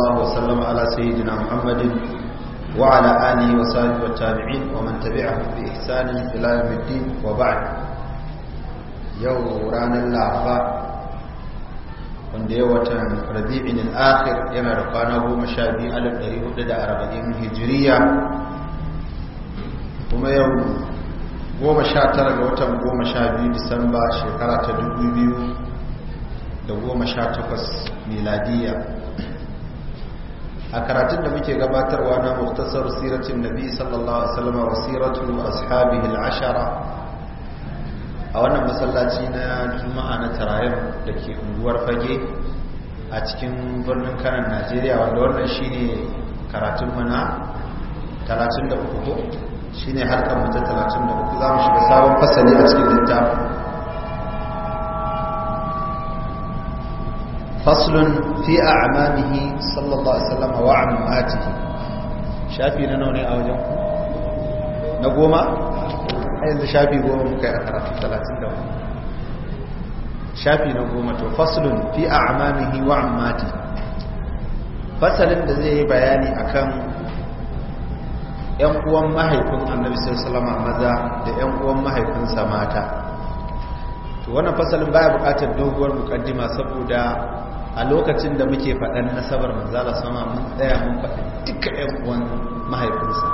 الله وسلم على سيدنا محمد وعلى آله وصحبه والتابعين ومن تبعهم بإحسان إلى يوم الدين وبعد يوم رانا الأعفاء wanda ya watan rabi'in al-akhir yana da kwana goma sha biyu alif ɗari hudu da arba'in hijiriya kuma yau goma sha tara ga watan goma sha biyu disamba shekara ta dubu biyu da goma sha takwas miladiya a karatun da muke gabatarwa na muktasar siratun nabi sallallahu alaihi wasallam wa siratu ashabihi al-ashara a wannan masallaci na juma'a na tarayyar da ke unguwar fage a cikin birnin kanan najeriya wanda wannan shine karatun mana 33 shine halkar mu ta 33 za mu shiga sabon fasali a cikin littafin faslun في a'mamihi sallallahu alaihi عليه وسلم ammatihi shafi na nawa a wajen ku na goma a yanzu shafi goma شافي نقوم a karatu talatin da wani shafi na goma faslun fasalin da zai yi bayani akan yan uwan mahaifin annabi sallallahu alaihi maza da yan uwan mahaifin mata to wannan fasalin baya bukatar doguwar mukaddima saboda a lokacin da muke faɗan nasabar manzala sama mun tsaya mun faɗi duka ɗan uwan mahaifinsa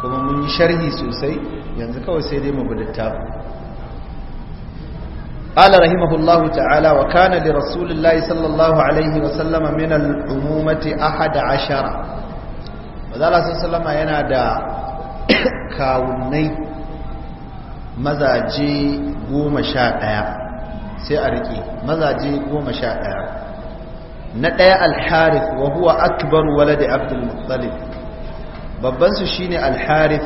kuma mun yi sharhi sosai yanzu kawai sai dai mu bi littafi قال رحمه الله تعالى وكان لرسول الله صلى الله عليه وسلم من العمومة أحد عشر وذلك صلى الله عليه ينادى كاوني مزاجي قوم شاء sai a riƙe mazaje goma sha ɗaya na ɗaya alharif wa huwa akbar waladi abdul muttalib babban su ne alharif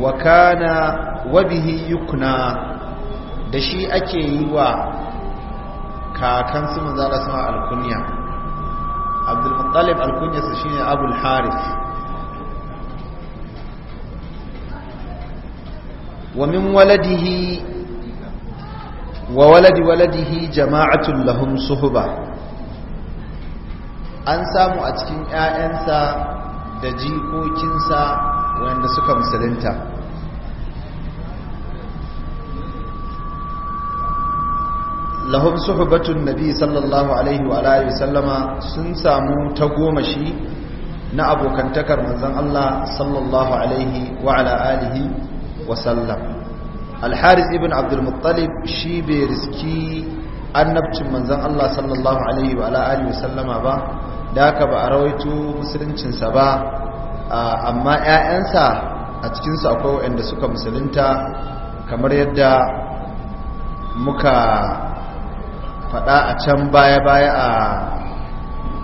wa kana wa bihi da shi ake yi wa kakan su manzo Allah sama alkunya abdul muttalib alkunya sa shine abul wa min waladihi wa waladi waladihi jama'atun lahum suhuba an samu a cikin 'ya'yansa da jikokinsa wanda suka musulunta lahum suhubatun nabi sallallahu alaihi wa alihi sallama sun samu ta goma shi na abokantakar manzon Allah sallallahu alaihi wa ala alihi wa sallam alharis ibn abdulmuttalib shi bai riski annabcin manzan Allah sallallahu alaihi wa alihi wasallama ba da aka ba a rawaito musuluncinsa ba amma 'ya'yansa a cikinsu akwai waɗanda suka musulunta kamar yadda muka faɗa a can baya-baya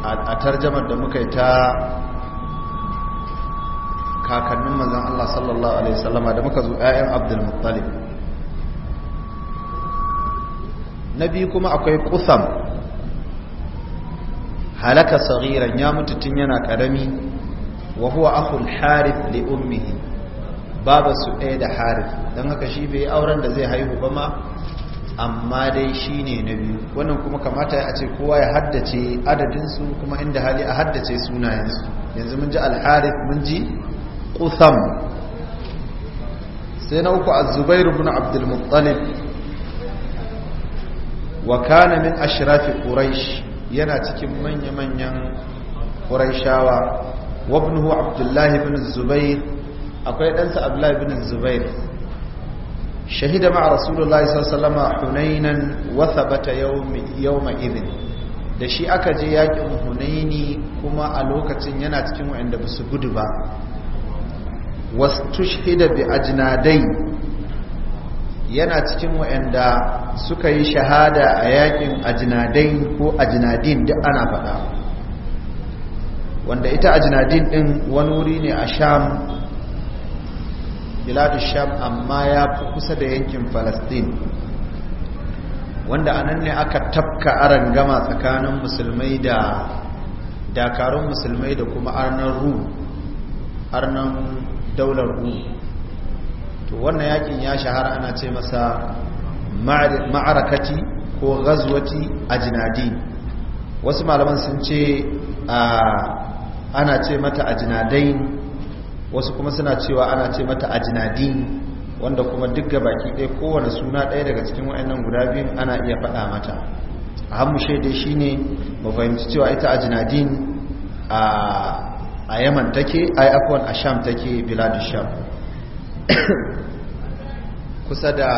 a tarjamar da muka yi ta kakannin manzan Allah sallallahu alaihi wasallama da muka zo 'ya'yan abdulmuttalib na biyu kuma akwai kusam halaka sagiran ya mutu tun yana karami wa huwa akhul harith li ummihi babu su ɗaya da harif don haka shi bai auren da zai haihu ba ma amma dai shi ne na biyu wannan kuma kamata ya ce kowa ya haddace adadinsu kuma inda hali a haddace sunayensu yanzu mun ji alharif mun ji kusam sai na uku azubairu bin abdulmuttalib wa kana min ashrafi quraish yana cikin manya-manyan quraishawa wa ibnuhu abdullahi ibn zubair akwai sa abdullahi ibn zubair shahida ma rasulullahi sallallahu alaihi hunainan wa thabata yawma idin da shi aka je yakin hunaini kuma a lokacin yana cikin wa'anda ba gudu ba wastushhida bi ajnadai yana cikin wa'anda suka yi shahada a yakin ajinadai ko ajinadin duk ana faɗa wanda ita ajinadin ɗin wani wuri ne a sham biladun sham amma ya fi kusa da yankin falastin wanda anan ne aka tafka aran gama tsakanin musulmai da dakarun musulmai da kuma arnan ru arnan daular ru to wannan yakin ya shahara ana ce masa ma'arakati ko ghazwati ajnadi wasu malaman sun ce ana ce mata ajnadain wasu kuma suna cewa ana ce mata ajnadin wanda kuma duk baki ɗaya kowane suna ɗaya daga cikin wa'annan guda biyun ana iya faɗa mata a hannu shaidai shi ne ba fahimci cewa ita a jinadin a yaman take a yi akwai a sham take biladu sham kusa da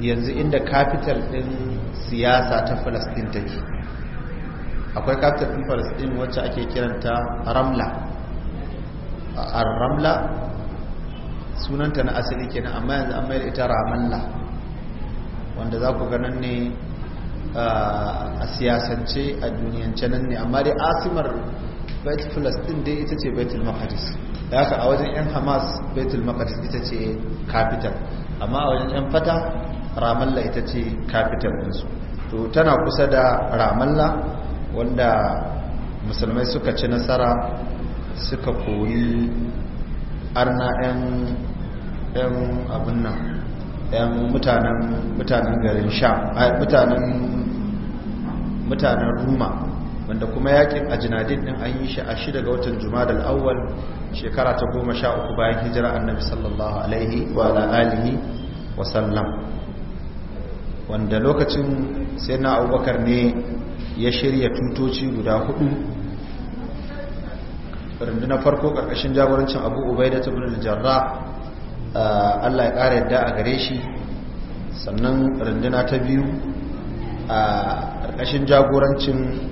yanzu inda capital din siyasa ta falastin take akwai capital ɗin falastin wacce ake kiranta ramla a ramla sunanta na asali kenan amma yanzu an mayar ita Ramalla, wanda za ku ganin ne a siyasance a duniyance nan ne amma dai asimar bait plus din dai ita ce baitul maqdis da haka a wajen yan hamas baitul maqdis ita ce capital amma a wajen yan fata ramallah ita ce capital ɗinsu to tana kusa da ramallah wanda musulmai suka ci nasara suka koyi arna 'yan abin nan 'yan mutanen mutanen garin sha mutanen mutanen ruma wanda kuma yakin ajinadin din an yi shi a shida ga watan jumadal awwal shekara ta goma sha uku bayan hijira annabi sallallahu alaihi wa alihi wa sallam wanda lokacin sai na abubakar ne ya shirya tutoci guda hudu rundunar farko karkashin jagorancin abu da ta bin jarra allah ya kara yadda a gare shi sannan runduna ta biyu a karkashin jagorancin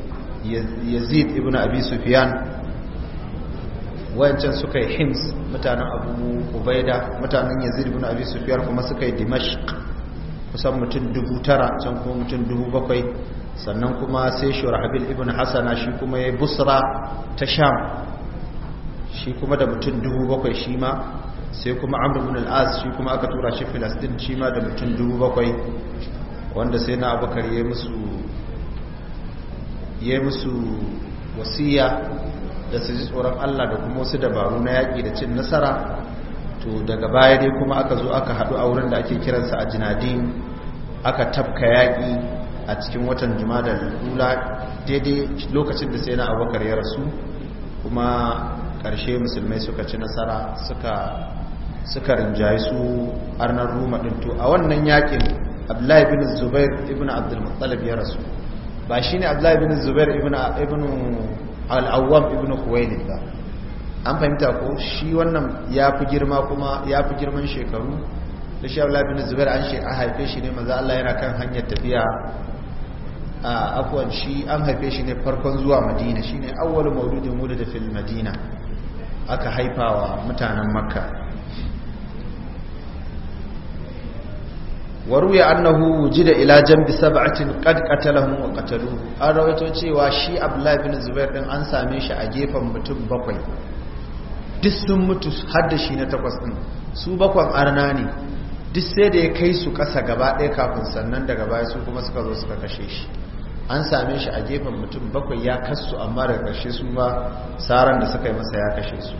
yazid ibn abi sufyan wayancan suka yi hims mutanen abu ubaida mutanen yazid ibn abi sufyan kuma suka yi dimashq kusan mutum dubu tara can kuma mutum dubu bakwai sannan kuma sai shurahabil ibn hasana shi kuma ya busra ta sham shi kuma da mutum dubu bakwai shi ma sai kuma amr ibn al-as shi kuma aka tura shi filastin shi ma da mutum dubu bakwai wanda sai na abu ya musu ya musu wasiya da su ji tsoron Allah da kuma wasu dabaru na yaƙi da cin nasara to daga baya dai kuma aka zo aka haɗu a wurin da ake kiransa a jinadin aka tafka yaƙi a cikin watan da lula daidai lokacin da sai na abokar ya rasu kuma ƙarshe musulmai suka ci nasara suka suka rinjaye su arnar ruma ɗin to a wannan yaƙin abdullahi bin zubair ibn abdulmuttalib ya rasu ba shi ne abdullahi ibn zubair ibn al'awwam ibn Kuwaini ba an fahimta ko shi wannan ya fi girma kuma ya fi girman shekaru da shi abdullahi ibn zubair an haife shi ne maza Allah yana kan hanyar tafiya a afuwan shi an haife shi ne farkon zuwa madina shi ne awwal wuda da fil madina aka haifawa mutanen makka waruya annahu wujida ila jambi sab'atin qad qatalahum wa qataluhu an rawaito cewa shi abdullahi bin zubair din an same shi a gefen mutum bakwai duk sun mutu har da shi na takwas din su bakwan arna ne duk sai da ya kai su kasa gaba ɗaya kafin sannan daga baya su kuma suka zo suka kashe shi an same shi a gefen mutum bakwai ya kasu amma daga kashe su ba saran da suka yi masa ya kashe su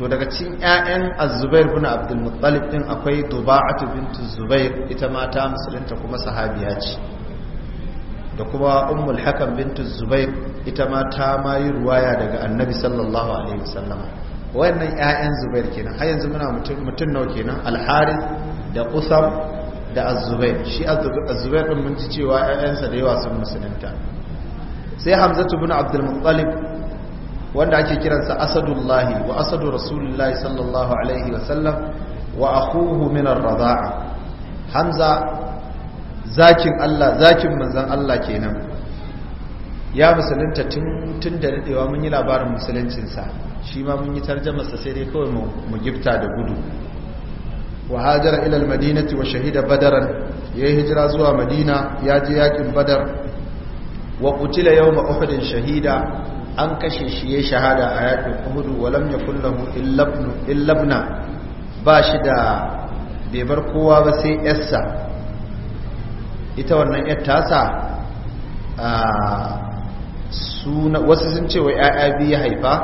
to daga cikin ƴaƴan az-zubair ibn abdul muttalib din akwai duba'atu bint zubair ita ma ta musulunta kuma sahabiya ce da kuma ummul hakam bint zubair ita ma ta ma yi ruwaya daga annabi sallallahu alaihi wasallam wannan ƴaƴan zubair kenan har yanzu muna mutum nawa kenan al-harith da qusam da az-zubair shi az-zubair din mun ji cewa ƴaƴansa da yawa sun musulunta sai hamzatu bin abdul muttalib wanda ake kiransa asadullahi wa asadu rasulullahi sallallahu alaihi wasallam wa akhuhu min ar-radha'a hamza zakin Allah zakin manzon Allah kenan ya musulunta tun tun da dadewa mun yi labarin musuluncin sa shi ma mun yi tarjumar sa sai dai kawai mu gifta da gudu wa hajara ila al-madinati wa shahida badaran yayi hijira zuwa madina ya je yakin badar wa qutila yawma uhud shahida an kashe shi ya shahada a yakin uhudu walam ya kullahu illabna ba shi da bai kowa ba sai yarsa ita wannan yar tasa wasu sun ce wa ya'ya biyu haifa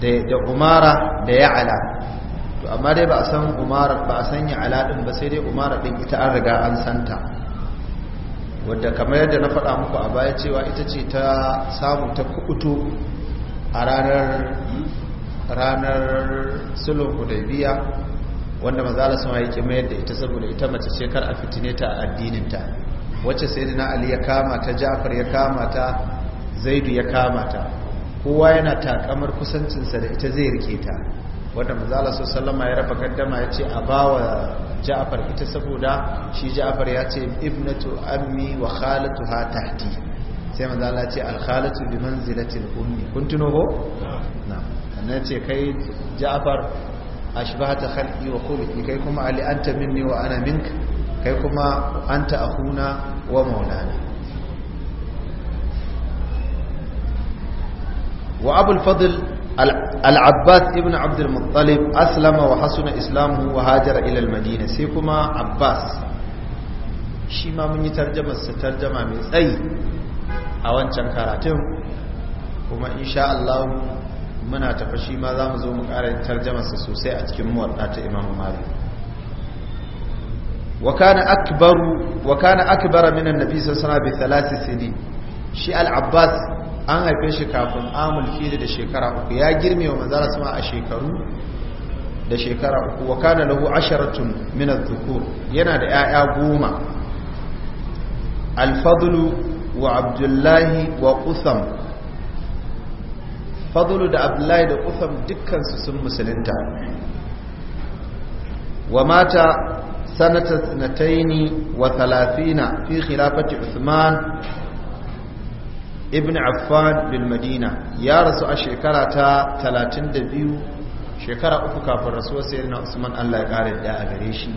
da umara da ya'ala to amma dai ba a san umara ba a san ya'ala din ba sai dai umara ɗin ita an riga an santa wadda kamar yadda na faɗa muku a baya cewa ita ce ta samu ta kubuto a ranar ranar sulhun hudaibiya wanda mazala sun yake mayar da ita saboda ita mace ce kar a fitine ta a addininta wacce sai na ali ya kama ta ja'far ya kama ta zaidu ya kama ta kowa yana takamar kusancinsa da ita zai rike ta wanda manzala sallama ya raba kaddama ya ce a bawa ja'far ita saboda shi ja'far ya ce ibnatu ammi wa khalatuha tahti sai manzala ce al bi manzilatil ummi kun tuno ko Na ce kai ja'far ashbahata khalqi wa khuluqi kai kuma ali anta minni wa ana mink kai kuma anta akhuna wa maulana wa abul fadl al-abbas ibn abdul aslama wa hasuna islamu wa hajara ila madina sai kuma abbas shi ma mun yi tarjamar sa tarjama mai tsayi a wancan karatun kuma insha Allah muna tafa shi ma zamu zo mu ƙara yin sa sosai a cikin muwadda ta Imam Malik wa kana akbaru wa kana akbara min annabi sallallahu alaihi wasallam bi thalath sinin shi al an haife shi kafin amul fili da shekara uku ya girme wa manzara sama a shekaru da shekara uku wa kada lahu asharatun min adh yana da 'ya'ya goma al-fadlu wa abdullahi wa qusam fadlu da abdullahi da qusam dukkan su sun musulunta wa mata wa 32 fi khilafati Usman. ibn affan bil madina ya rasu a shekara ta 32 shekara uku kafin rasuwar sayyidina usman Allah ya kare da a gare shi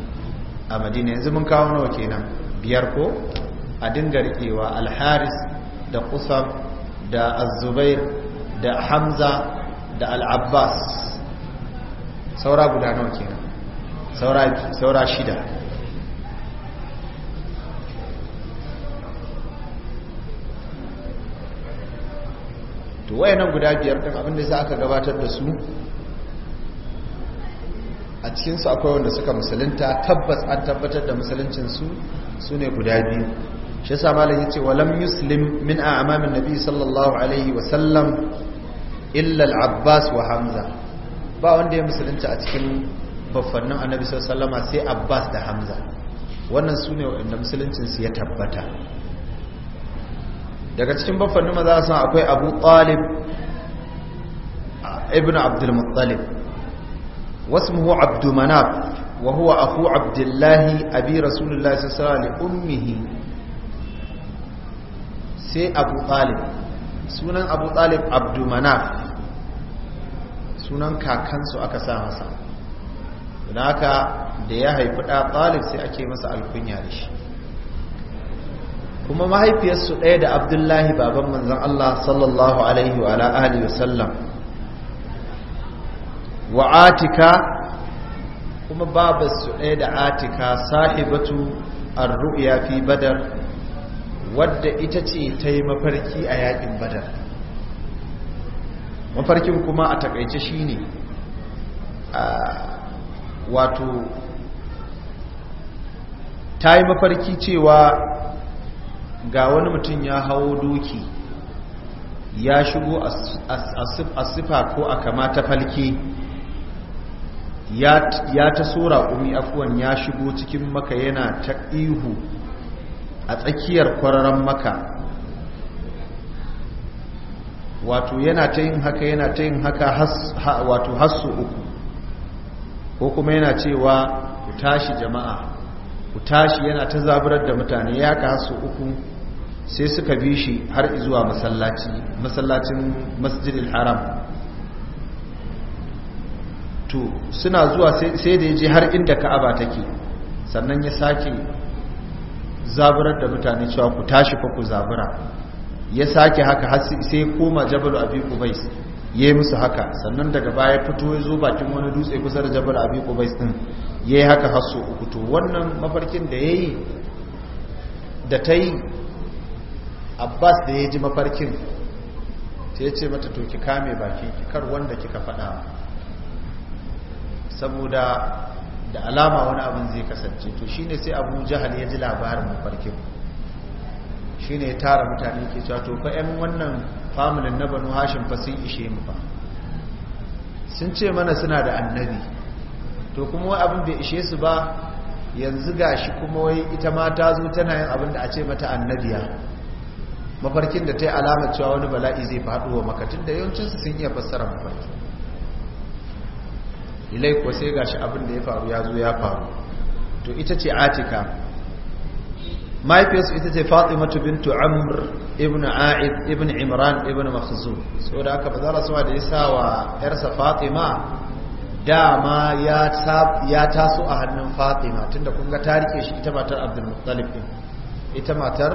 a madina yanzu mun kawo nawa kenan biyar ko a dinga rikewa al-haris da qusam da az-zubair da hamza da al-abbas saura guda nawa kenan saura saura shida to nan guda biyar din abin da aka gabatar da su a cikin su akwai wanda suka musulunta tabbas an tabbatar da musuluncin su ne guda biyu shi yasa malam yace walam yuslim min a'mamin nabi sallallahu alaihi wa sallam illa al-abbas wa hamza ba wanda ya musulunta a cikin baffannin annabi sallallahu alaihi wa sallama sai abbas da hamza wannan su wanda musuluncin su ya tabbata daga cikin baffanni maza sun akwai abu talib ibn abdulmuttalib wasmuhu abdumanaf wa huwa aku abdullahi abi rasulullah sassara li ummihi sai abu talib sunan abu talib abdumanaf sunan kakansu aka sa masa don haka da ya haifi ɗa talib sai ake masa alkunya da shi kuma mahaifiyarsu ɗaya da abdullahi baban manzan Allah sallallahu alaihi wa wa sallam wa atika kuma babarsu ɗaya da atika sahibatu ar-ru'ya fi badar wadda ita ce ta yi mafarki a yakin badar mafarkin kuma a takaice shine wato ta yi mafarki cewa ga wani mutum ya hawo doki ya shigo a sifa ko a kamata ta falke ya ta tsora umi afuwan ya shigo cikin maka yana ta ihu a tsakiyar kwararren maka wato yana ta yin haka yana ta yin haka wato hasu uku ko kuma yana cewa ku tashi jama'a ku tashi yana ta zaburar da mutane ya kasu uku sai suka bi shi har zuwa masallaci masallacin masjidil haram to suna zuwa sai da ya je har inda ka'aba take sannan ya sake zaburar da mutane cewa ku tashi fa ku zabura ya sake haka sai koma jabal abi kubais ya yi musu haka sannan daga baya fito ya zo bakin wani dutse kusa da jabal abi kubais din ya yi haka hasso uku to wannan mafarkin da ya yi da ta yi abbas da ya ji mafarkin ta ya ce mata to ki kame baki kar wanda kika faɗa saboda da alama wani abin zai kasance to shine sai abu jihar ya ji labarin mafarkin ne ya tara mutane ke cewa to fa 'yan wannan familin na banu Hashin fa sun ishe mu fa sun ce mana suna da annabi to kuma wai abin bai ishe su ba yanzu gashi kuma wai ita ma ta zo tana yin abin da a ce mata annabiya mafarkin da ta yi alamar cewa wani bala'i zai faɗo wa makatun da yawancinsu sun iya fassara mafarki ilai ko sai gashi abin da ya faru ya zo ya faru to ita ce atika mahaifiyarsu ita ce fatimatu bintu amr ibn a'id ibn imran ibn makhzum saboda aka bazara sama da ya sa wa yarsa fatima dama ya taso a hannun fatima tunda kun ga ta rike shi ita matar abdulmuttalib din ita matar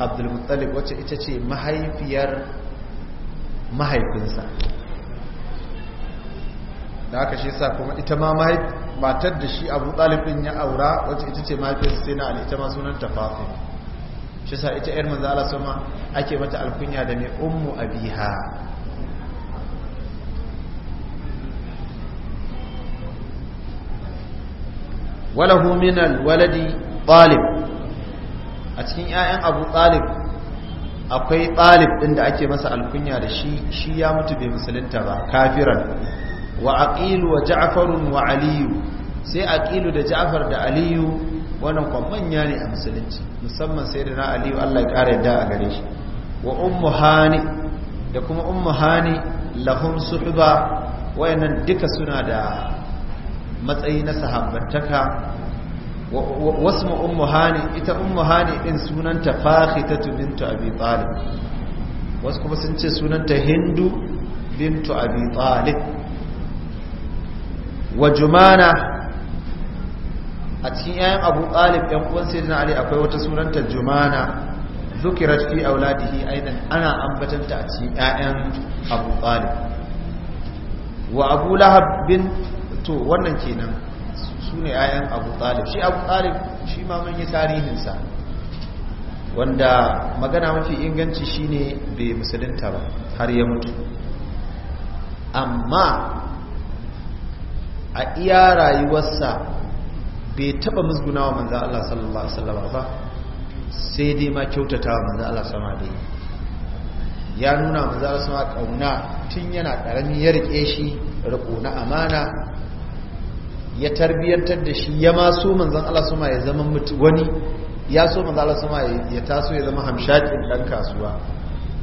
abdulmuttalib wacce ita ce mahaifiyar mahaifinsa da aka shi sa kuma ita ma matar da shi abu ɗalibin ya aura wacce ita ce mahaifinsa sai na alita ma sunan ta fatima shi sa ita yar manzala sama ake mata alkunya da mai ummu abiha walahu min al-waladi talib a cikin 'ya'yan abu talib akwai talib ɗin da ake masa alkunya da shi shi ya mutu bai musulunta ba kafiran wa aqilu wa ja'far wa aliyu sai aqilu da ja'far da aliyu wannan kwan manya ne a musulunci musamman sai da na aliyu Allah ya ƙara yadda a gare shi wa ummu hani da kuma ummu hani lahum suhba wayannan duka suna da matsayi na sahabbantaka wasu ummu hani ita ummu hani din sunanta fakhitatu bintu abi talib wasu kuma sun ce sunanta hindu bintu abi talib wa jumana a cikin yayan abu talib yan uwan sayyidina ali akwai wata sunanta jumana zukirat fi auladihi aidan ana ambatanta a cikin yayan abu talib wa abu lahab bin to wannan kenan su ne 'ya'yan abu talib shi abu talib shi ma mun yi tarihinsa wanda magana mafi inganci shine bai musulunta ba har ya mutu amma a iya rayuwarsa bai taba musguna wa manzan Allah sallallahu Alaihi ba sai dai ma kyautata wa manzan Allah sama da ya nuna manzan Allah sama kauna tun yana ƙarami ya riƙe shi riƙo na amana ya tarbiyyantar da shi ya ma manzan manzon ya zama wani ya so manzan Allah ya taso ya zama hamshakin dan kasuwa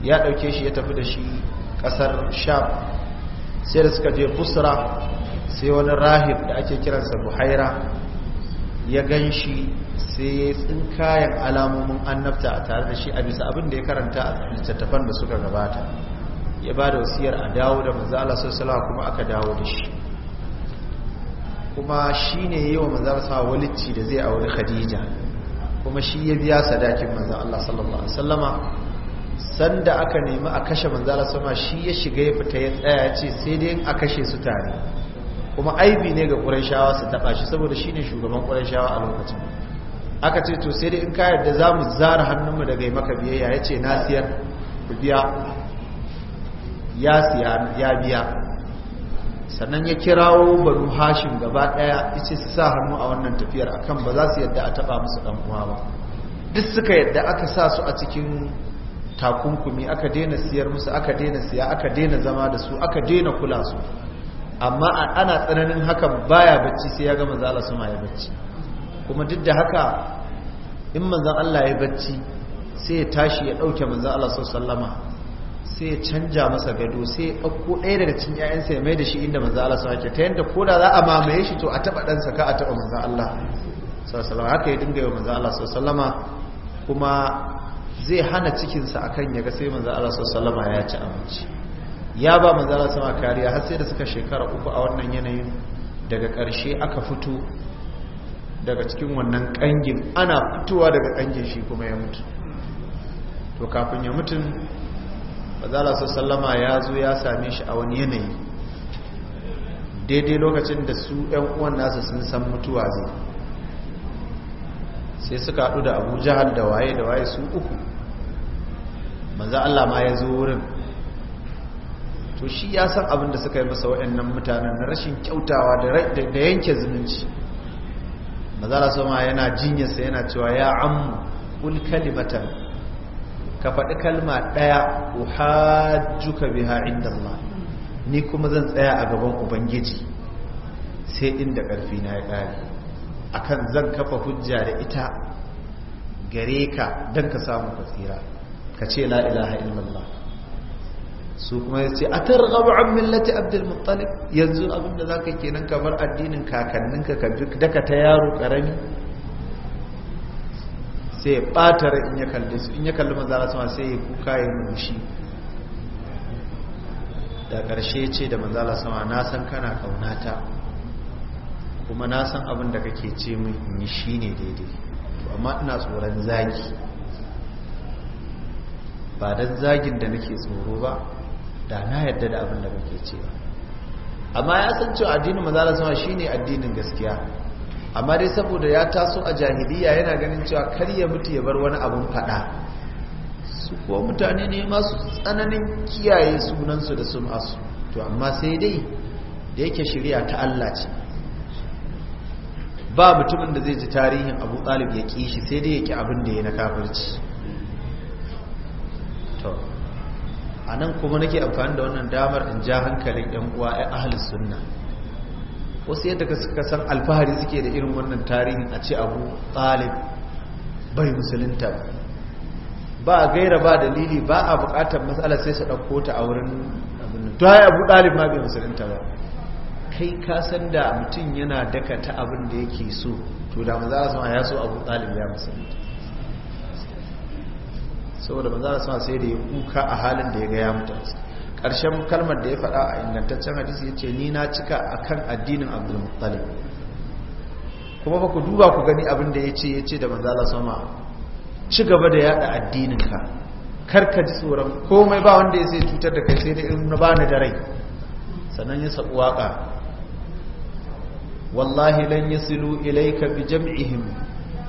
ya ɗauke shi ya tafi da shi kasar sham sai da suka je busra sai wani rahib da ake kiransa buhaira ya gan shi sai ya kayan alamomin annabta a tare da shi a bisa abin da ya karanta a littattafan da suka gabata ya ba da wasiyar a dawo da manzala sosala kuma aka dawo da shi kuma shi ne yi wa manzan sa walicci da zai auri khadija kuma shi ya biya sadakin manzan Allah sallallahu Alaihi wasallama sanda aka nemi a kashe manzan sama shi ya shiga ya fita ya tsaya ce sai dai a kashe su tare kuma aibi ne ga shawa su taɓa shi saboda shi ne shugaban shawa a lokacin aka ce to sai dai in ka yarda za mu zara hannunmu daga maka biyayya ya ce na siyar ku biya ya siya ya biya sannan ya kirawo banu hashim gaba daya yace su sa hannu a wannan tafiyar akan ba za su yadda a taba musu dan uwa ba duk suka yadda aka sa su a cikin takunkumi aka daina siyar musu aka daina siya aka daina zama da su aka daina kula su amma ana tsananin haka baya bacci sai ya ga manzo Allah sama ya bacci kuma duk da haka in manzo Allah ya bacci sai ya tashi ya dauke manzo Allah sallallahu alaihi wasallama sai ya canja masa gado sai ya ɗauko ɗaya daga cikin ‘ya'yansa ya mai da shi inda manza Allah sun ta yadda ko da za a mamaye shi to a taɓa ɗansa saka a taɓa maza Allah sallama haka ya dinga yi maza Allah sallama kuma zai hana cikinsa a kan yaga sai maza Allah sallama ya ci abinci ya ba maza Allah sama kariya har sai da suka shekara uku a wannan yanayin daga ƙarshe aka fito daga cikin wannan kangin ana fitowa daga kangin shi kuma ya mutu to kafin ya mutu. mazala su sallama ya zo ya same shi a wani yanayi daidai lokacin da su ‘yan uwan nasu sun san mutuwa zai sai suka haɗu da abu jihar da waye da waye su uku manza Allah ma ya zo wurin to shi ya san abin da suka yi masa waɗannan mutanen na rashin kyautawa da yanke zumunci su ma yana jinyarsa yana cewa ya ammu kul kalimatan ka faɗi kalma ɗaya uhajjuka biha inda Allah ni kuma zan tsaya a gaban ubangiji sai inda ƙarfi na ya ƙare akan zan kafa hujja da ita gare ka don ka samu fasira ka ce la ilaha illallah su kuma ya ce a targaba an millati abdulmuttalib yanzu abinda zaka ka kenan kamar addinin kakanninka ka daka ta yaro ƙarami sai ya ɓata in ya kalli su in ya kalli maza Allah sama sai ya kuka ya mushi da ƙarshe ce da maza Allah sama na san kana kaunata kuma na san abin da kake ce min in yi ne daidai to amma ina tsoron zagi ba don zagin da nake tsoro ba da na yadda da abin da kake ba amma ya san cewa addinin manzo Allah sama ne addinin gaskiya amma dai saboda ya taso a jahiliya yana ganin cewa kar ya mutu ya bar wani abun fada su kuwa mutane ne masu tsananin kiyaye sunansu da sun asu to amma sai dai da yake shirya ta Allah ce ba mutumin da zai ji tarihin abu talib ya ƙi shi sai dai ya ƙi abin da ya na kafirci to a nan kuma nake amfani da wannan damar in ja hankalin 'yan uwa ya ahal sunna wasu yadda suka san alfahari suke da irin wannan tarihin a ce abu talib bai musulunta ba gaira ba dalili ba a bukatar matsala sai su ɗauko ta a wurin abin to ya abu talib ma bai musulunta ba kai ka san da mutum yana daka ta abin da yake so to da maza a sama ya so abu talib ya musulunta saboda maza a sama sai da ya kuka a halin da ya ga ya mutu Karshen kalmar da ya faɗa a ingantaccen hadisi ya ce ni na cika a kan addinin abdulmuttalib kuma ba ku duba ku gani abin da ya ce ya ce da manzala sama ci gaba da yada addininka karka ji tsoron komai ba wanda ya sai cutar da kai sai da irin na bani da rai sannan ya saɓi waƙa wallahi lan yasilu ilaika bi jam'ihim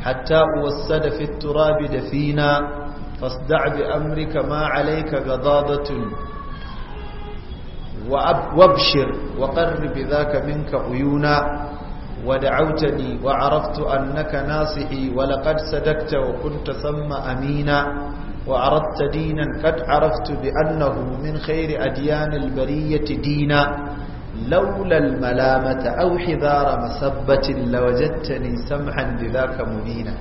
hatta da fitura bi da fina fasda' bi amrika ma alaika ghadabatu وابشر وقرب ذاك منك عيونا ودعوتني وعرفت أنك ناصحي ولقد صدقت وكنت ثم أمينا وعرضت دينا قد عرفت بأنه من خير أديان البرية دينا لولا الملامة أو حذار مسبة لوجدتني سمحا بذاك مبينا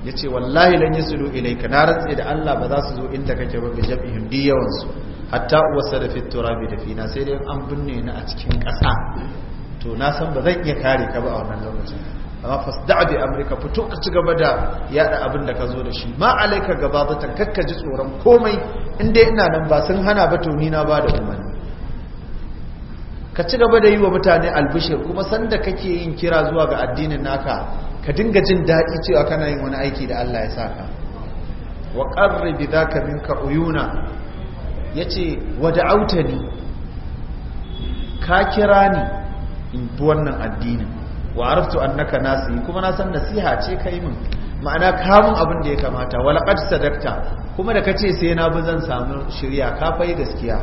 yace wallahi lan yasulu ilayka na rantsi da Allah ba za su zo inda kake ba bi jami'in diyawansu hatta uwasa da fiturabi da fina sai dai an binne ni a cikin ƙasa to na san ba zan iya kare ka ba a wannan lokacin amma fasda bi amurka fito ka ci gaba da yada abin da ka zo da shi ma alaika gababatan kakka ji tsoron komai dai ina nan ba sun hana ba to ni na ba da umarni ka ci gaba da yi wa mutane albishir kuma san da kake yin kira zuwa ga addinin naka ka dinga jin daɗi cewa kana yin wani aiki da Allah ya saka wa qarri bi ka minka uyuna ya ce wada'auta ni ka kira ni in bi wannan addinin wa arftu annaka nasi kuma na san nasiha ce kai min ma'ana kamun abin da ya kamata qad sadakta kuma da kace sai na bi zan samu shirya ka fayi gaskiya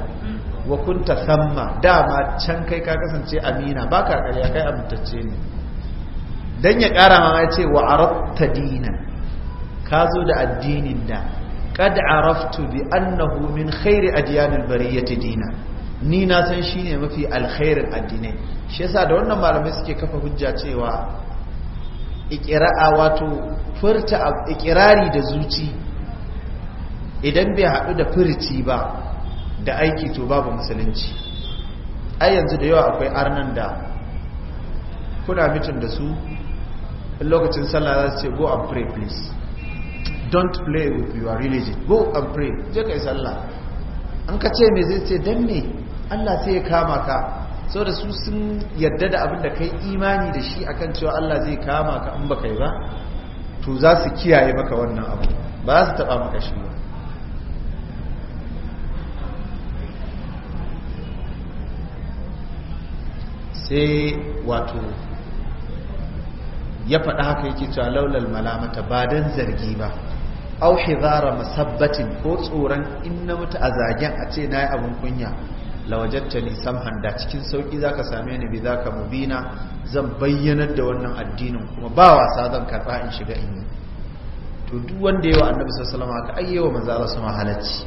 wa kunta samma dama can kai ka kasance amina baka kare kai amtacce ne dan ya ƙara ma ya ce wa arafta dinan ka zo da addinin da قد araftu bi من خير khairi البريه دينا dina ni na san shine mafi alkhairin addinai shi yasa da wannan malamai suke kafa hujja cewa iqra'a wato furta iqrari da zuci idan bai haɗu da furci ba da aiki to babu musulunci ai yanzu da yawa akwai arnan da kuna mitin da su lokacin sallah za su ce go and pray please don't play with your religion go and pray je kai sallah an ka ce me zai ce dan me Allah sai ya kama ka so da su sun yadda da abin da kai imani da shi akan cewa Allah zai kama ka in baka yi ba to za su kiyaye maka wannan abu ba za su taba maka shi ba sai wato ya faɗa haka yake cewa laulal malamata ba don zargi ba au hizara masabbatin ko tsoron in na mutu a zagen a ce na yi abin kunya lawajatta ni samhan da cikin sauki zaka same ni bi zaka mubina zan bayyanar da wannan addinin kuma ba wasa zan karba in shiga in yi to duk wanda yawa annabi sallallahu alaihi wasallam ka ayyewa manzo Allah sama halacci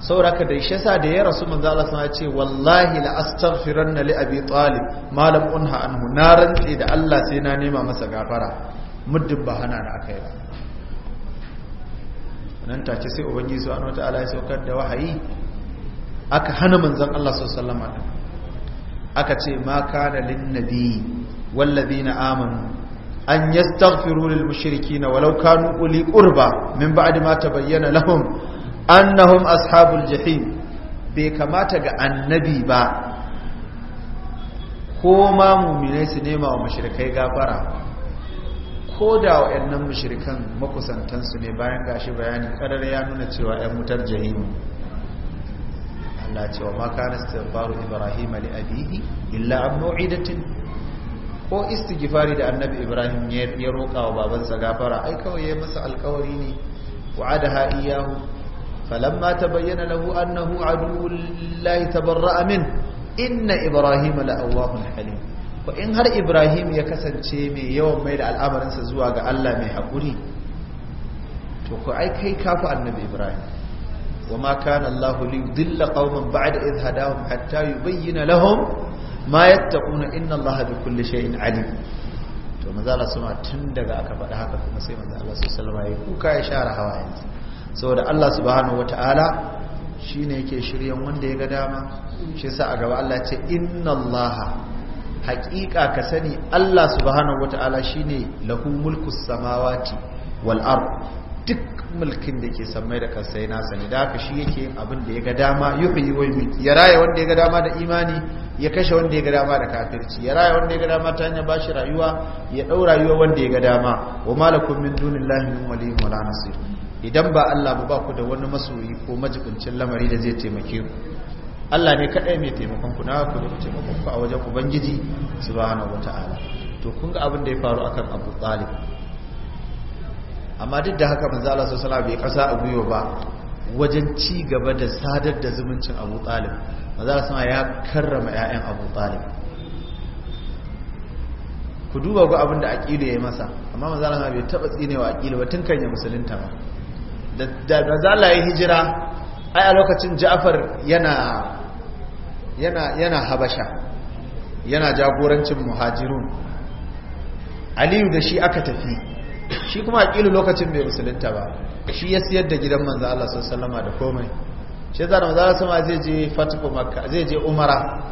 sauraka da shi yasa da ya rasu manzo Allah sama ce wallahi la astaghfiranna li abi talib ma lam unha anhu na da Allah sai na nema masa gafara muddin ba hana da aka yi ba nan take sai ubangiji subhanahu wataala ya saukar da wahayi aka hana manzon Allah sallallahu aka ce ma kana lin nabi wal amanu an yastaghfiru lil mushrikeen walau kanu uli qurba min ba'd ma tabayyana lahum annahum ashabul jahim bai kamata ga annabi ba ko ma mu'minai su nema wa mushrikai gafara ko da waɗannan mushirikan makusantansu ne bayan gashi bayani ƙarar ya nuna cewa 'yan wutar jahimu Allah cewa ma kana istighfaru Ibrahim li illa an mu'idatin ko istighfari da annabi Ibrahim ya roƙa wa babansa gafara ai kawai ya masa alƙawari ne wa'ada haiyahu falamma bayyana lahu annahu aduwwul lahi tabarra'a min inna Ibrahim la'awwahun halim ko in har ibrahim ya kasance mai yawan mai da al'amarinsa zuwa ga allah mai haƙuri to ku ai kai ku annabi ibrahim wa ma kana allah li yudilla qauman ba'da idh hadahum hatta yubayyana lahum ma yattaquna inna allaha bi kulli shay'in alim to maza Allah suna tun daga aka faɗi haka kuma sai maza Allah sallallahu alaihi wasallam ya kuka ya share yanzu. saboda Allah subhanahu wataala shine yake shiryen wanda ya ga dama shi sa a gaba Allah ya ce inna allaha haƙiƙa ka sani Allah subhanahu wata'ala shine lahu mulku samawati wal ard duk mulkin da ke samai da kansa yana sani da haka shi yake abin da ya ga dama yuhyi wa yumiit ya raya wanda ya ga dama da imani ya kashe wanda ya ga dama da kafirci ya raya wanda ya ga dama ta hanyar bashi rayuwa ya dau rayuwa wanda ya ga dama wa malakum min dunillahi min waliyyin wala nasir idan ba Allah ba ku da wani masoyi ko majibincin lamari da zai taimake ku Allah ne kadai mai taimakon ku na ku da taimakon ku a wajen ubangiji subhanahu wataala to kun ga abin da ya faru akan Abu Talib amma duk da haka manzo Allah sallallahu alaihi wasallam bai kasa a guyo ba wajen ci gaba da sadar da zumuncin Abu Talib manzo Allah sama ya karrama ƴaƴan Abu Talib ku duba ga abin da aqila yayi masa amma manzo Allah bai taba tsinewa aqila ba tun kan ya musulunta ba da manzo Allah ya hijira ai a lokacin ja'afar yana habasha yana jagorancin muhajirun aliyu da shi aka tafi shi kuma aƙilu lokacin mai musulunta ba shi ya siyar da gidan manzo Allah sallallahu da komai shi zan manzo Allah sama zai je fatiko makka zai je umara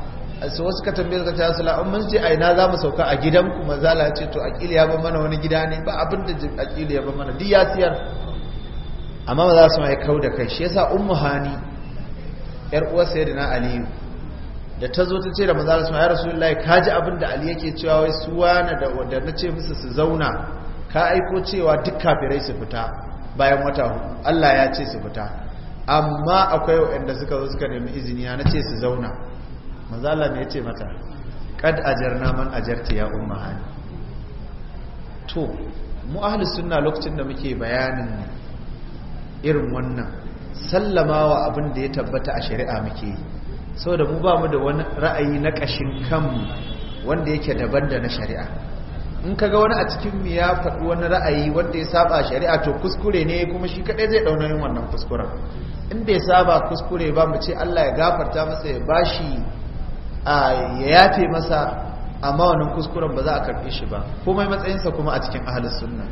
su wasu ka tambaye ka ta sala mun ce a na za mu sauka a gidan ku manzo Allah ya ce to aƙilu ya ba mana wani gida ne ba abin da ya ba mana duk ya siyar amma ba za su ya kau da kai shi yasa ummu hani yar uwar na aliyu da ta zo ta ce da manzo Allah ya rasulullahi ka ji abin da ali yake cewa wai su wane da na ce musu su zauna ka aiko cewa duk kafirai su fita bayan wata hudu Allah ya ce su fita amma akwai waɗanda suka zo suka nemi izini na ce su zauna maza Allah ne ya mata kad na man ajarti ya umma hani to mu sunna lokacin da muke bayanin irin wannan sallamawa abin da ya tabbata a shari'a muke yi saboda mu ba mu da wani ra'ayi na ƙashin kanmu wanda yake daban da na shari'a in ka ga wani a cikin mu ya faɗi wani ra'ayi wanda ya saba shari'a to kuskure ne kuma shi kaɗai zai ɗauna yin wannan kuskuren in bai saba kuskure ba mu ce Allah ya gafarta masa ya bashi ya yafe masa amma wannan kuskuren ba za a karɓe shi ba komai matsayinsa kuma a cikin ahalus sunna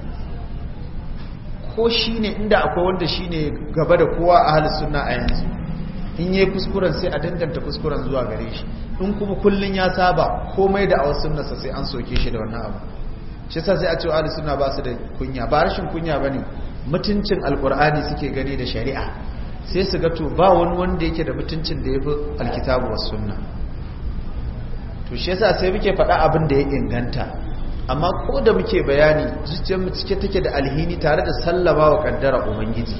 ko shi ne inda akwai wanda shi ne gaba da kowa a halin suna a yanzu in yi kuskuren sai a danganta kuskuren zuwa gare shi in kuma kullum ya saba komai da awar sunnarsa sai an soke shi da wannan abu shi sa sai a ce ahli sunna ba su da kunya ba rashin kunya ba ne mutuncin alkur'ani suke gani da shari'a sai su ga to ba wani wanda yake da mutuncin da ya fi alkitabu wasu sunna to shi sa sai muke faɗa abin da ya inganta amma ko da muke bayani zuciyarmu cike take da alhini tare da sallama wa kaddara ubangiji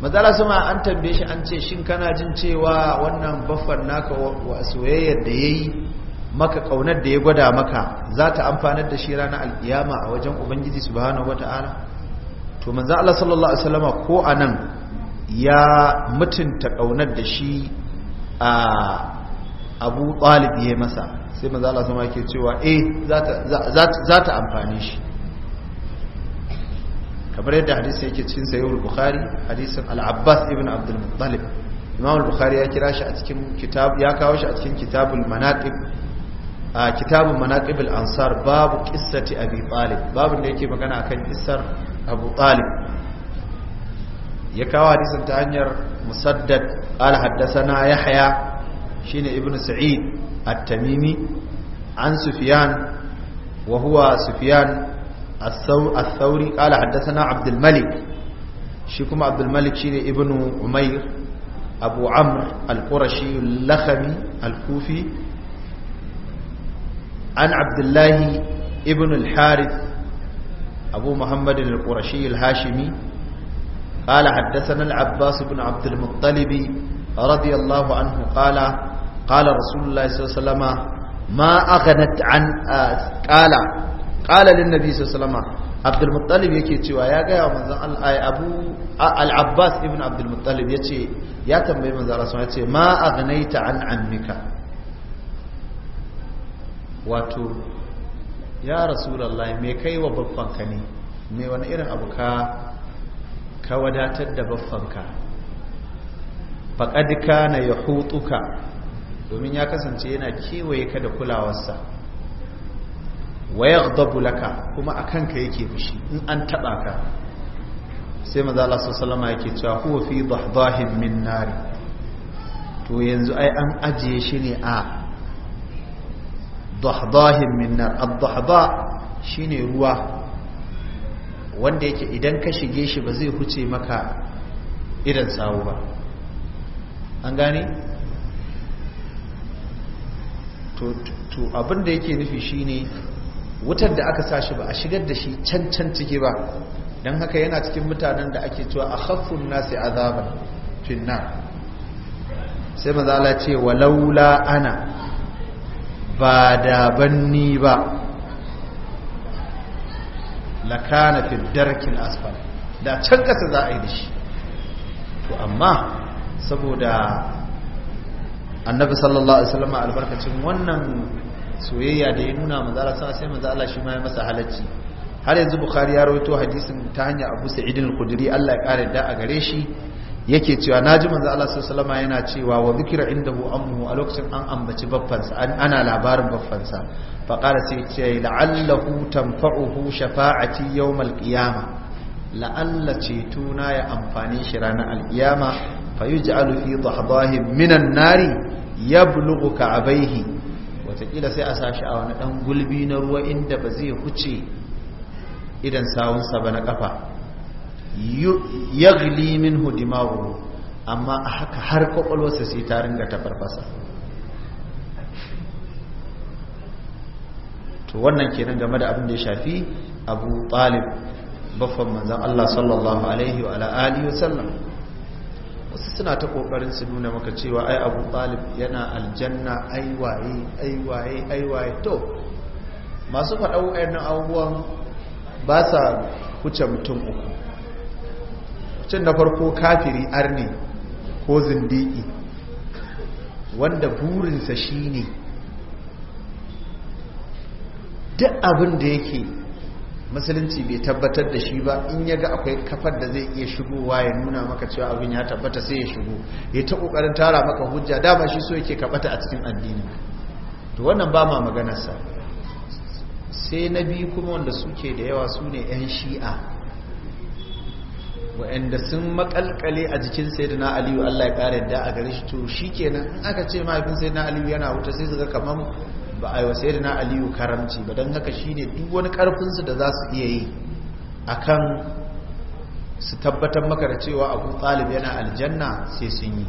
mazala sama an tambaye shi an ce shin kana jin cewa wannan baffan naka wa soyayyar da yayi maka kaunar da ya gwada maka za ta amfanar da shi ranar alkiyama a wajen ubangiji subhanahu wata'ala to manzo Allah sallallahu alaihi wasallama ko anan ya mutunta kaunar da shi a Abu Talib ya masa sai manzo Allah sama ke cewa eh za ta amfani shi kamar yadda hadisun yake cikin sahihul bukhari hadisin al ibn abdul imam al-bukhari ya kira shi a cikin kitab ya kawo shi a cikin kitabul manaqib a kitabun manaqib al-ansar babu qissati abi talib babu da yake magana akan qissar abu talib ya kawo hadisin ta hanyar musaddad al-haddathana yahya shine ibn sa'id at-tamimi an sufyan wa huwa sufyan الثوري قال حدثنا عبد الملك شيكم عبد الملك شيني ابن عمير أبو عمرو القرشي اللخمي الكوفي عن عبد الله ابن الحارث أبو محمد القرشي الهاشمي قال حدثنا العباس بن عبد المطلب رضي الله عنه قال qala rasulullahi sallallahu ma aghnat an qala qala lin nabi sallallahu alaihi wasallam abdul muttalib yake cewa ya ga manzon Allah abu abbas ibn abdul muttalib yace ya tambaye manzon Allah sallallahu alaihi wasallam yace ma aghnaita an ammika wato ya rasulullahi me kai wa babbanka ne me wani irin abu ka ka wadatar da babbanka faqad kana yahutuka domin ya kasance yana kewaye ka da kulawarsa wa yaghdabu laka kuma a kanka yake fushi in an taba ka sai manzo Allah yake cewa huwa fi dahdahin min to yanzu ai an ajiye shi ne a dahdahin min a ad shi ne ruwa wanda yake idan ka shige shi ba zai huce maka irin sawu ba an gane to abin da yake nufi shi ne wutar da aka sashi ba a shigar da shi can can ciki ba don haka yana cikin mutanen da ake cewa a haffun nasi azaban finna sai mazala ce wa laula ana ba da banni ba lakana fi darkin asfal da can kasa za a yi da shi to amma saboda annabi sallallahu alaihi wasallam albarkacin wannan soyayya da ya nuna manzo Allah sai manzo Allah shi ma ya masa halacci har yanzu bukhari ya rawaito hadisin ta hanya abu sa'id al-khudri Allah ya kare da a gare shi yake cewa naji manzo Allah sallallahu alaihi yana cewa wa zikra indahu ammu a lokacin an ambaci baffansa ana labarin baffansa fa qala sai ce la'allahu tanfa'uhu shafa'ati yawm al-qiyamah la'alla cetuna ya amfane shi ranar al-qiyamah fayuj'alu fi dhahbahim minan nari yablughu ka'abaihi Wataƙila sai a sashi a wani ɗan gulbi na ruwa inda ba zai huce idan sawunsa ba na kafa yaghli hudima dimaghuhu amma a haka har kwakwalwarsa sai ta ringa ta farfasa to wannan kenan game da abin da ya shafi abu talib baffan manzan allah sallallahu alaihi wa alihi wa wasu suna ta kokarin su nuna maka cewa ai abu talib yana aljanna aiwaye aiwaye aiwaye to masu faɗa wayannan abubuwan ba sa kuce mutum uku cin na farko kafiri arni ko zindiki wanda burinsa shi ne duk abin da yake musulunci bai tabbatar da shi ba in yaga akwai kafar da zai iya shigowa ya nuna maka cewa abin ya tabbata sai ya shigo ya ta kokarin tara maka hujja dama shi so yake kabata a cikin addini to wannan ba ma maganar sai na biyu kuma wanda suke da yawa su ne yan shi'a wa'anda sun makalkale a jikin sayyidina aliyu Allah ya kare da a gare shi to shikenan in aka ce mahaifin sayyidina aliyu yana wuta sai su ga kamar ba a yi wa na aliyu karamci ba don haka shi ne duk wani karfinsu da za su iya yi a kan su tabbatar maka da cewa abu talib yana aljanna sai sun yi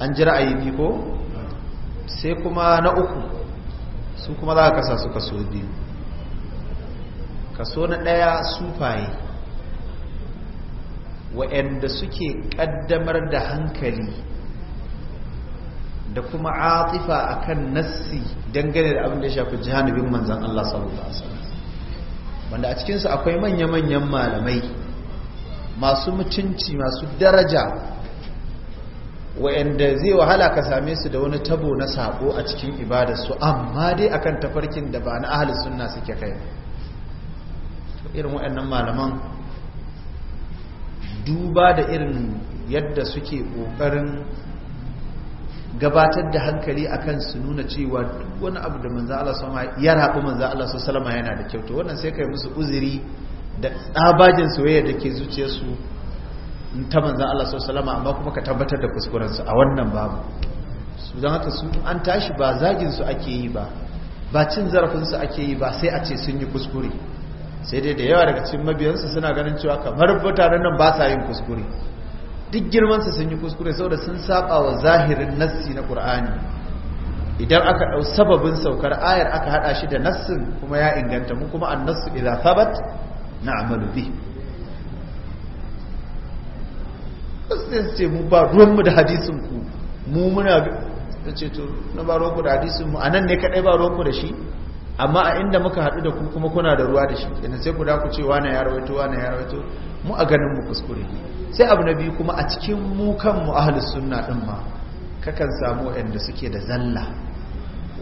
an ji ra'ayi bi ko sai kuma na uku su kuma za ka kasa su kaso biyu kaso na ɗaya sufaye wa'anda suke ƙaddamar da hankali da kuma atifa kan nassi dangane da abin da ya shafi jihanibin manzan Allah sallallahu wanda a cikinsu akwai manya-manyan malamai masu mutunci masu daraja wa'anda zai wahala ka same su da wani tabo na sako a cikin ibadarsu amma dai a kan tafarkin da ba na ahalin sunna suke kai irin wa'annan malaman duba da irin yadda suke ƙoƙarin gabatar da hankali akan su nuna cewa duk wani abu da manzo Allah sama ya rabu manzo Allah salama yana da kyau to wannan sai kai musu uzuri da tsabajin soyayya da ke zuciyarsu ta manzo Allah salama, amma kuma ka tabbatar da kuskuren a wannan babu su zan haka su an tashi ba zagin su ake yi ba ba cin zarafin su ake yi ba sai a ce sun yi kuskure sai dai da yawa daga cikin mabiyansu suna ganin cewa kamar mutanen nan ba sa yin kuskure duk girmansa sun yi kuskure saboda sun saba wa zahirin nassi na qur'ani idan aka dau sababin saukar ayar aka hada shi da nassin kuma ya inganta mu kuma annasu idza thabat na'malu bi sai ce mu ba ruwanmu da hadisin ku mu muna da ce to na ba ruwanku da hadisin mu anan ne kadai ba ruwanku da shi amma a inda muka haɗu da ku kuma kuna da ruwa da shi yana sai ku da ku ce wane ya rawaito wane ya rawaito mu a ganin mu kuskure sai abu na biyu kuma a cikin mu kanmu ahlus sunna din ma kakan samu waɗanda suke da zalla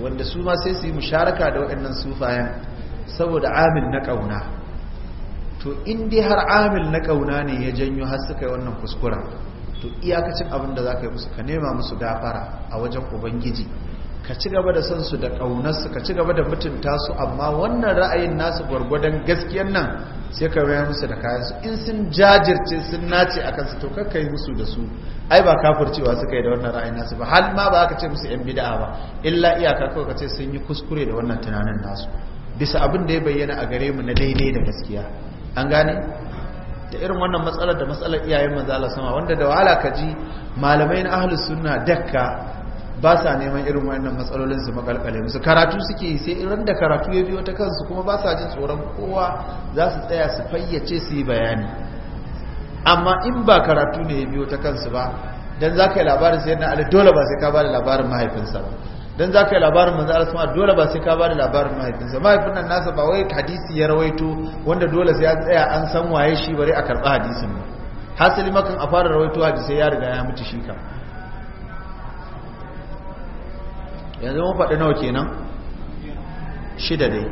wanda su ma sai su yi musharaka da waɗannan sufayen saboda amil na ƙauna to in dai har amil na ƙauna ne ya janyo har suka yi wannan kuskura to iyakacin abin da za ka yi musu ka nema musu gafara a wajen ubangiji ka ci gaba da sansu da ƙaunarsu ka ci gaba da mutunta su amma wannan ra'ayin nasu gwargwadon gaskiyan nan sai ka raya musu da kayansu in sun jajirce sun nace a kansu to kakka yi musu da su ai ba kafurcewa suka yi da wannan ra'ayin nasu ba har ma ba ka ce musu yan bida'a ba illa iyaka kawai ka ce sun yi kuskure da wannan tunanin nasu bisa abin da ya bayyana a gare mu na daidai da gaskiya an gane da irin wannan matsalar da matsalar iyayen la sama wanda da wahala ka ji malamai na ahlus sunna dakka ba sa neman irin wannan matsalolin su makalkale musu karatu suke sai irin da karatu ya biyo ta kansu kuma ba sa jin tsoron kowa za su tsaya su fayyace su yi bayani amma in ba karatu ne ya biyo ta kansu ba dan za ka yi labarin na ali dole ba sai ka ba da labarin mahaifinsa ba dan za ka yi labarin manzo alasma dole ba sai ka ba da labarin mahaifinsa mahaifin nan nasa ba wai hadisi ya rawaito wanda dole sai ya tsaya an san waye shi bare a karɓa hadisin ba hasali makan a fara rawaito hadisi ya riga ya mutu shi ka. yanzu mun faɗi nawa kenan shida dai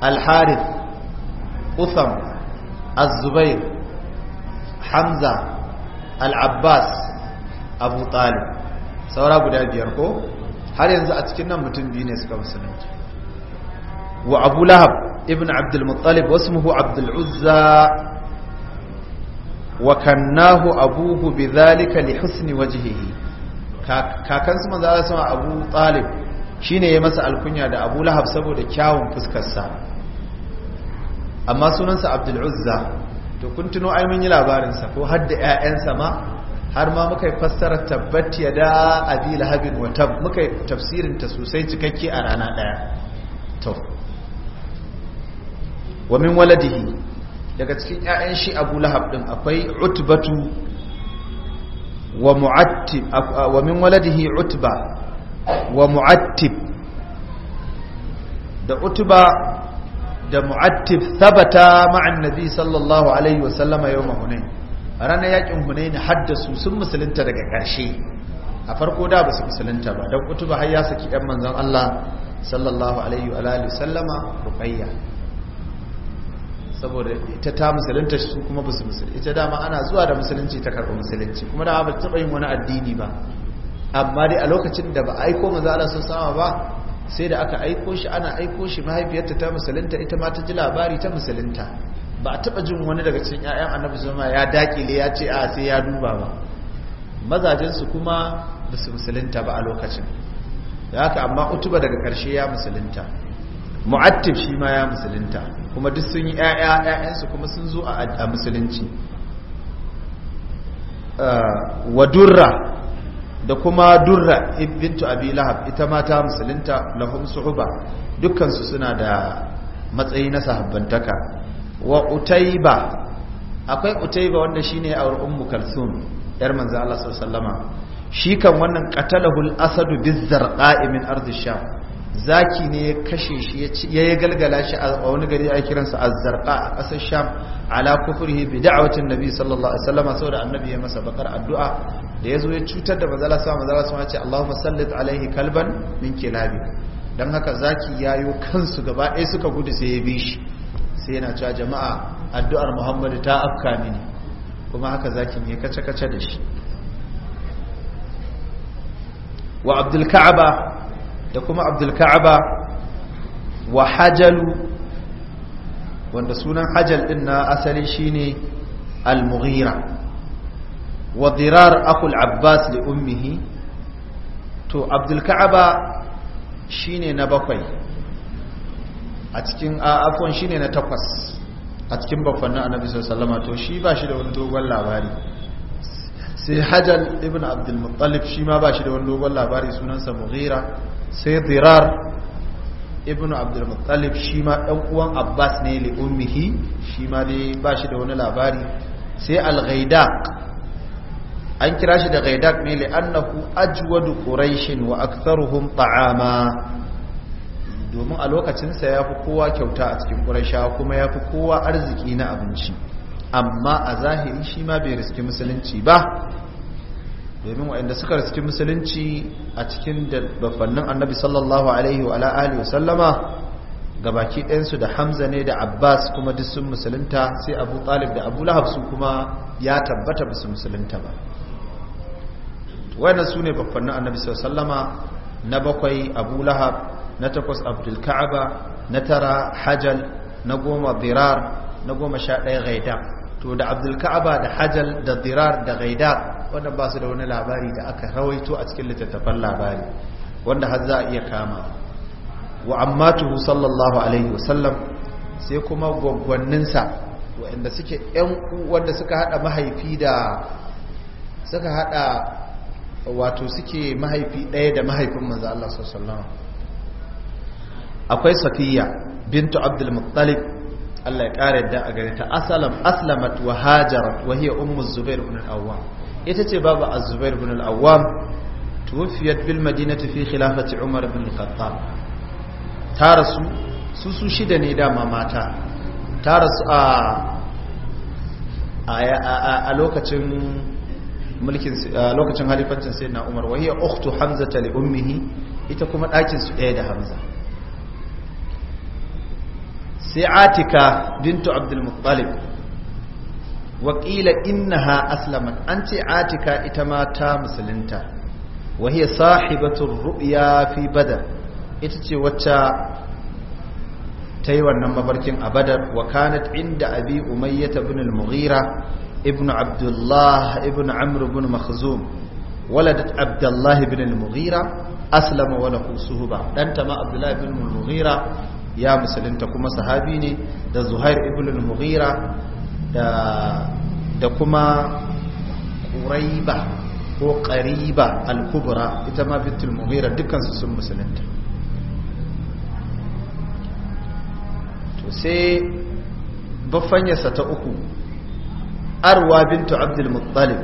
al-harith utham hamza al-abbas abu talib saura guda biyar ko har yanzu a cikin nan mutum biyu ne suka musulunci wa abu lahab ibn abdul wasu muhu abdul uzza wa kannahu abuhu bidhalika li husni wajihihi. kakansu manzo Allah sama Abu Talib shine ya masa alkunya da Abu Lahab saboda kyawun fuskarsa amma sunansa Abdul Uzza to kun tuno ai mun yi labarin ko har da ma har ma muka yi fassarar tabbat ya da Abi Lahab wa tab muka yi tafsirin ta sosai cikakke a rana daya to wa min waladihi daga cikin 'ya'yan shi Abu Lahab din akwai Utbatu wa mu'attib wa min waladihi utba wa mu'attib da utba da mu'attib thabata ma'an nabi sallallahu alaihi wasallama yawma hunain ranar yakin hunain haddasu sun musulunta daga ƙarshe a farko da ba su musulunta ba don utuba har ya saki ɗan manzan Allah sallallahu alaihi wa sallama ruqayya saboda ita ta musulunta su kuma ba su musulunci ita dama ana zuwa da musulunci ta karɓi musulunci kuma da ba taɓa yin wani addini ba amma dai a lokacin da ba aiko maza Allah sun sama ba sai da aka aiko shi ana aiko shi mahaifiyarta ta musulunta ita ma ta ji labari ta musulunta ba a taɓa jin wani daga cikin 'ya'yan annabi zama ya dakile ya ce a sai ya duba ba mazajen su kuma ba musulunta ba a lokacin da haka amma utuba daga karshe ya musulunta mu'attib shi ma ya musulunta kuma duk sun yi ‘ya'ya ‘ya'yansu kuma sun zo a musulunci uh, wa durra da kuma durra ibintu abi lahab ita mata musulunta lahum suhuba dukkansu suna da matsayi na sahabbantaka wa utaiba akwai utaiba wanda shine a ummu kalsum yar manzo Allah sallallahu alaihi wasallama shi kan wannan qatalahul asadu bizzarqa'i min ardi sham zaki ne ya kashe shi ya yi galgala shi a wani gari a kiransa zarka a ƙasar sham ala kufurhi bi da'watin nabi sallallahu alaihi wasallam saboda annabi ya masa bakar addu'a da yazo ya cutar da manzala sa manzala sa ce Allahumma sallit alaihi kalban min kilabi dan haka zaki yayo kansu gaba ɗaya suka gudu sai ya bi shi sai yana cewa jama'a addu'ar Muhammadu ta afka mini kuma haka zakin ya kace kace da shi wa abdul ka'aba da kuma abdul ka'aba wa hajalu wanda sunan hajal din na asali shine al-mughira wa dirar akul abbas li ummihi to abdul ka'aba shine na bakwai a cikin afon shine na takwas a cikin bakwannin annabi sallallahu alaihi to shi ba shi da wani dogon labari sai hajal ibn abdul muttalib shi ma ba shi da wani dogon labari sunansa mughira sai dirar ibn abdulmuttalib shi ma ɗan uwan abbas ne li ummihi shi ma dai ba shi da wani labari sai al-ghaidaq an kira shi da ghaidaq ne li annahu ajwadu quraishin wa aktharuhum ta'ama domin a lokacinsa ya fi kowa kyauta a cikin quraisha kuma ya fi kowa arziki na abinci amma a zahiri shi ma bai riski musulunci ba domin waɗanda suka rasu cikin musulunci a cikin bafannin annabi sallallahu alaihi wa alihi wa sallama baki ɗayansu da hamza ne da abbas kuma duk sun musulunta sai abu talib da abu lahab su kuma ya tabbata ba su musulunta ba waɗannan su ne bafannin annabi sallama na bakwai abu lahab na takwas abdul ka'aba na tara hajal na goma birar na goma sha ɗaya gaida to da abdul ka'aba da hajal da birar da gaida wannan ba su da wani labari da aka rawaito a cikin littattafan labari wanda har za a iya kama wa ammatuhu sallallahu alaihi wasallam sai kuma gwaggwanninsa wanda suke yan wanda suka hada mahaifi da suka hada wato suke mahaifi ɗaya da mahaifin manzo Allah sallallahu akwai safiya bintu abdul muttalib Allah ya kare da a gare ta asalam aslamat wa hajarat wa hiya ummu zubair ibn al-awwam ita ce babu azubair bin al'awam al bil madina fi khilafati umar bin al-khattab ta rasu su su shida ne dama mata ta rasu a a lokacin mulkin lokacin halifancin sayyidina umar waya hiya ukhtu hamzata li ummihi ita kuma dakin su ɗaya da hamza sai atika bintu abdul muttalib waƙila innaha aslamat an ce atika ita ma ta musulunta wahiyar sahibatun ru'ya fi badar ita ce wacce ta yi wannan mafarkin a badar wa kanat inda abi umayyata ibn al-mughira ibn abdullah ibn amr ibn makhzum waladat abdullah ibn al-mughira aslama wa lahu suhba danta ma abdullah ibn al-mughira ya musulunta kuma sahabi ne da zuhair ibn al-mughira da kuma ƙuraiba ko ƙariba al-kubra ita ma bitul mughira dukansu sun musulunta to sai bafanyarsa ta uku arwa bintu abdul muttalib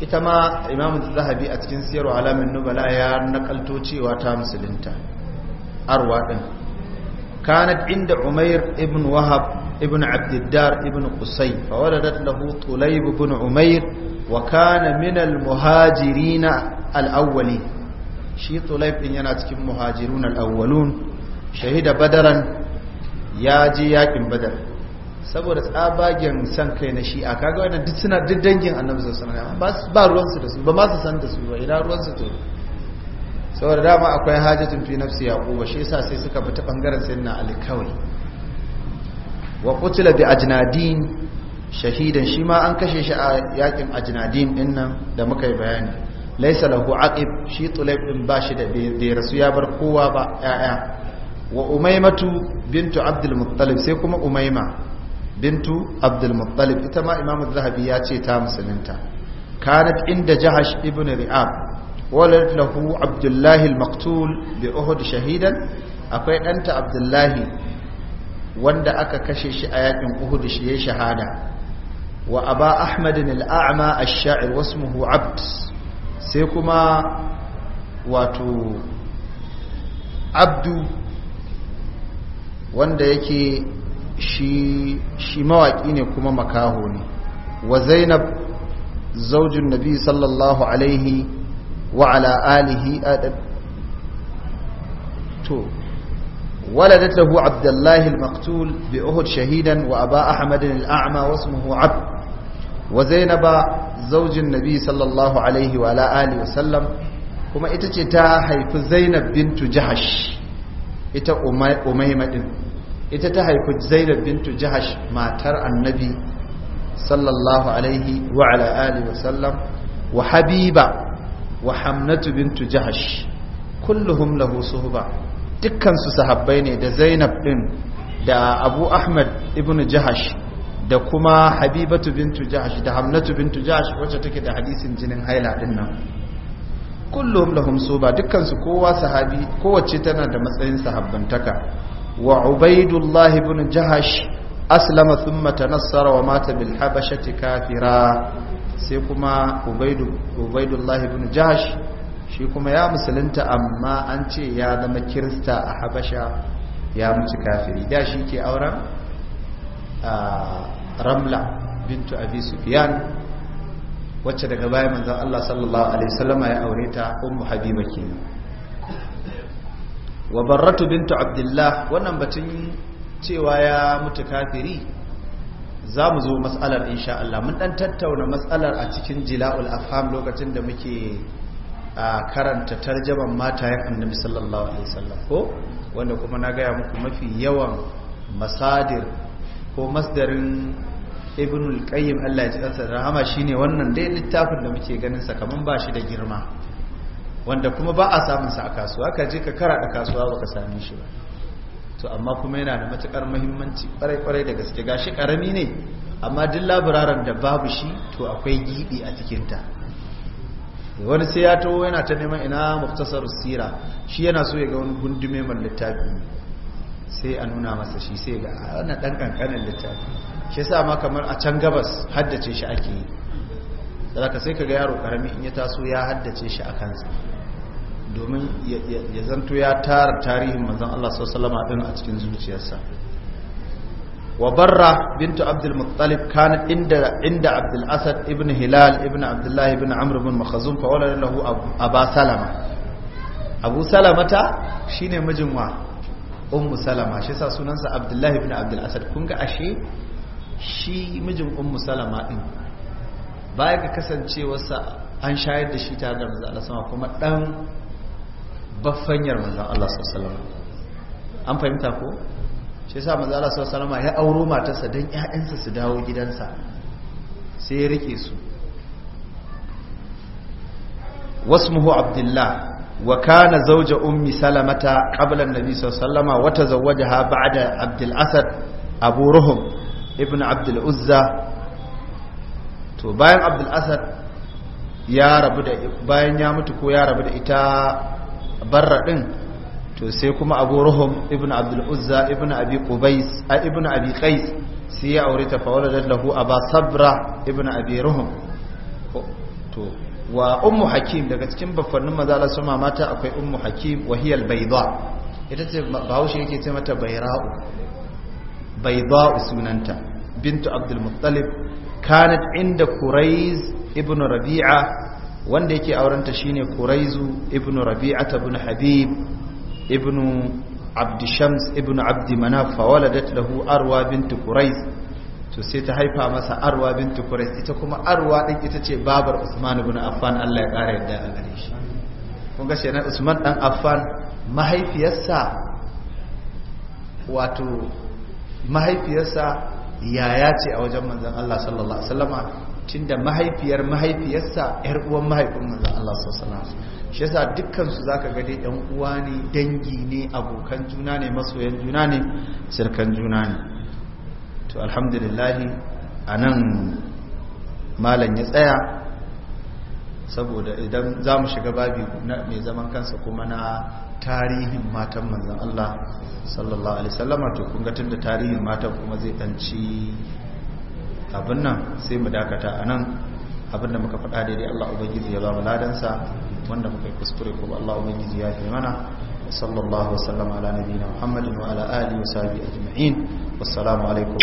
ita ma imamu zahabi a cikin siyarwa alamin nubala ya nakalto cewa ta musulunta arwa ɗin كانت عند عمير ابن وهب ابن عبد الدار ابن قصي فولدت له طليب بن عمير وكان من المهاجرين الأولين شي طليب إن يناتك المهاجرون الأولون شهد بدرا يا ياكم بدر saboda tsabagen san kai na shi'a kaga wannan duk suna duk dangin annabi sallallahu alaihi wasallam ba ruwan su da su ba ma su san da su ba ruwan su to saboda dama akwai hajjatun fi nafsi yaquba shi yasa sai suka fita bangaren sai na kawai wa qutila bi ajinadin shahidan shi ma an kashe shi a yakin ajinadin din nan da muka yi bayani laysa lahu aqib shi tulayb ɗin ba shi da bai rasu ya bar kowa ba ya'ya wa umaimatu bintu abdul sai kuma umaima bintu abdul ita ma imamu zahabi ya ce ta musulunta kanat inda jahash ibn ri'ab walad lahu abdullahi al-maktul bi uhud shahidan akwai ɗanta abdullahi wanda aka kashe shi a yakin uhud shi ya shahada wa aba ahmadin al-a'ma ash-sha'ir wasmuhu abd sai kuma wato abdu wanda yake shi shi mawaki ne kuma makaho ne wa zainab zaujin nabi sallallahu alaihi wa ala alihi to ولدته عبد الله المقتول بأهد شهيدا وأبا أحمد الأعمى واسمه عبد وزينب زوج النبي صلى الله عليه وعلى آله وسلم كما اتتتا حيث زينب بنت جهش ita umaima din ita ta haifi zainab bintu jahash matar annabi sallallahu alaihi wa ala alihi wa sallam wa habiba wa hamnatu bintu jahash kulluhum lahu suhba sahabbai ne da zainab din da abu ahmad Ibn jahash da kuma habibatu bintu jahash da hamnatu bintu jahash wacce take da hadisin jinin haila din nan kullum lahum suba dukkansu kowa sahabi kowace tana da matsayin sahabbantaka wa ubaidullah ibn jahash aslama thumma tanassara wa mata bil habashati kafira sai kuma ubaidullahi bin jahash shi kuma ya musulunta amma an ce ya zama kirista a habasha ya mutu kafiri da shi ke auren ramla bintu abi sufiyan wacce daga bayan manzan Allah sallallahu alaihi wasallama ya aure ta ummu habiba ke wa barratu bintu abdullah wannan batun cewa ya mutu kafiri za mu zo matsalar insha Allah mun dan tattauna matsalar a cikin jila'ul afham lokacin da muke karanta tarjaman matayen annabi sallallahu alaihi wasallam ko wanda kuma na gaya muku mafi yawan masadir ko masdarin ibnul qayyim Allah ya ji kansa rahama shine wannan dai littafin da muke ganin sa kaman ba shi da girma wanda kuma ba a samun sa a kasuwa ka je ka karada kasuwa baka same shi ba to amma kuma yana da matukar muhimmanci kwarai-kwarai da gaske gashi karami ne amma duk labararan da babu shi to akwai gibi a cikinta wani sai ya taho yana ta neman ina muftasar sira shi yana so ya ga wani gundume mai littafi sai a nuna masa shi sai ga ah, wannan dan kankanin littafi shi yasa ma kamar a can gabas haddace shi ake yi da sai ka ga yaro karami in ya taso ya haddace shi a kansa domin ya zanto ya tara tarihin manzon Allah sallallahu din a cikin zuciyarsa wa barra bintu abdul muttalib kana inda inda abdul asad ibn hilal ibn abdullah ibn amr ibn makhzum fa wala lahu abu salama abu salamata shine mijin wa ummu salama shi yasa sunansa abdullah ibn abdul asad kun ga ashe shi mijin ummu salama din baya ga kasancewarsa an shayar da shi tare da manzo Allah sama kuma dan bafanyar manzan Allah sallama an fahimta ko shi sa manzan Allah sallama ya auro matarsa don ‘ya'yansa su dawo gidansa sai ya rike su Wasu muhu abdullah wa kana zauja ummi salamata qabla an-nabi sallama wa tazawwajaha ba'da abdul asad abu ruhun ibn abdul uzza to bayan abdul asad ya rabu da bayan ya mutu ko ya rabu da ita barra din to sai kuma abu ruhum ibn abdul ibn abi qubais a ibn abi qais sai ya aure ta fawaladat lahu aba sabra ibn abi ruhum to wa ummu hakim daga cikin baffannin maza la sama mata akwai ummu hakim wa hiya ita ce bahaushe yake ce mata bayra'u bayda sunanta bintu abdul muttalib kanat inda quraiz ibn rabi'a wanda yake aurenta shine kuraizu ibn rabi'ata ibn habib ibn abd shams ibn abd manaf waladat lahu arwa bint kuraiz to sai ta haifa masa arwa bint kuraiz ita kuma arwa din ita ce babar usman ibn affan Allah ya kare yadda a gare shi kun ga shi na usman dan affan mahaifiyarsa wato mahaifiyarsa yaya ce a wajen manzon Allah sallallahu alaihi wasallama tunda mahaifiyar mahaifiyarsa yar uwan mahaifin manzon Allah sallallahu alaihi wasallam shi yasa dukkan su zaka ga dai yan uwa ne dangi ne abokan juna ne masoyan juna ne sirkan juna ne to alhamdulillah anan malam ya tsaya saboda idan za mu shiga babi mai zaman kansa kuma na tarihin matan manzan Allah sallallahu Alaihi wasallama to kunga tun da tarihin matan kuma zai ɗanci abin nan sai mu dakata a nan abin da muka faɗa daidai Allah Ubangiji ya ba mu ladansa wanda muka yi kuskure kuma Allah Ubangiji ya fi mana sallallahu wa ala nabiyina Muhammadin wa ala alihi wa sahbihi ajma'in wassalamu alaikum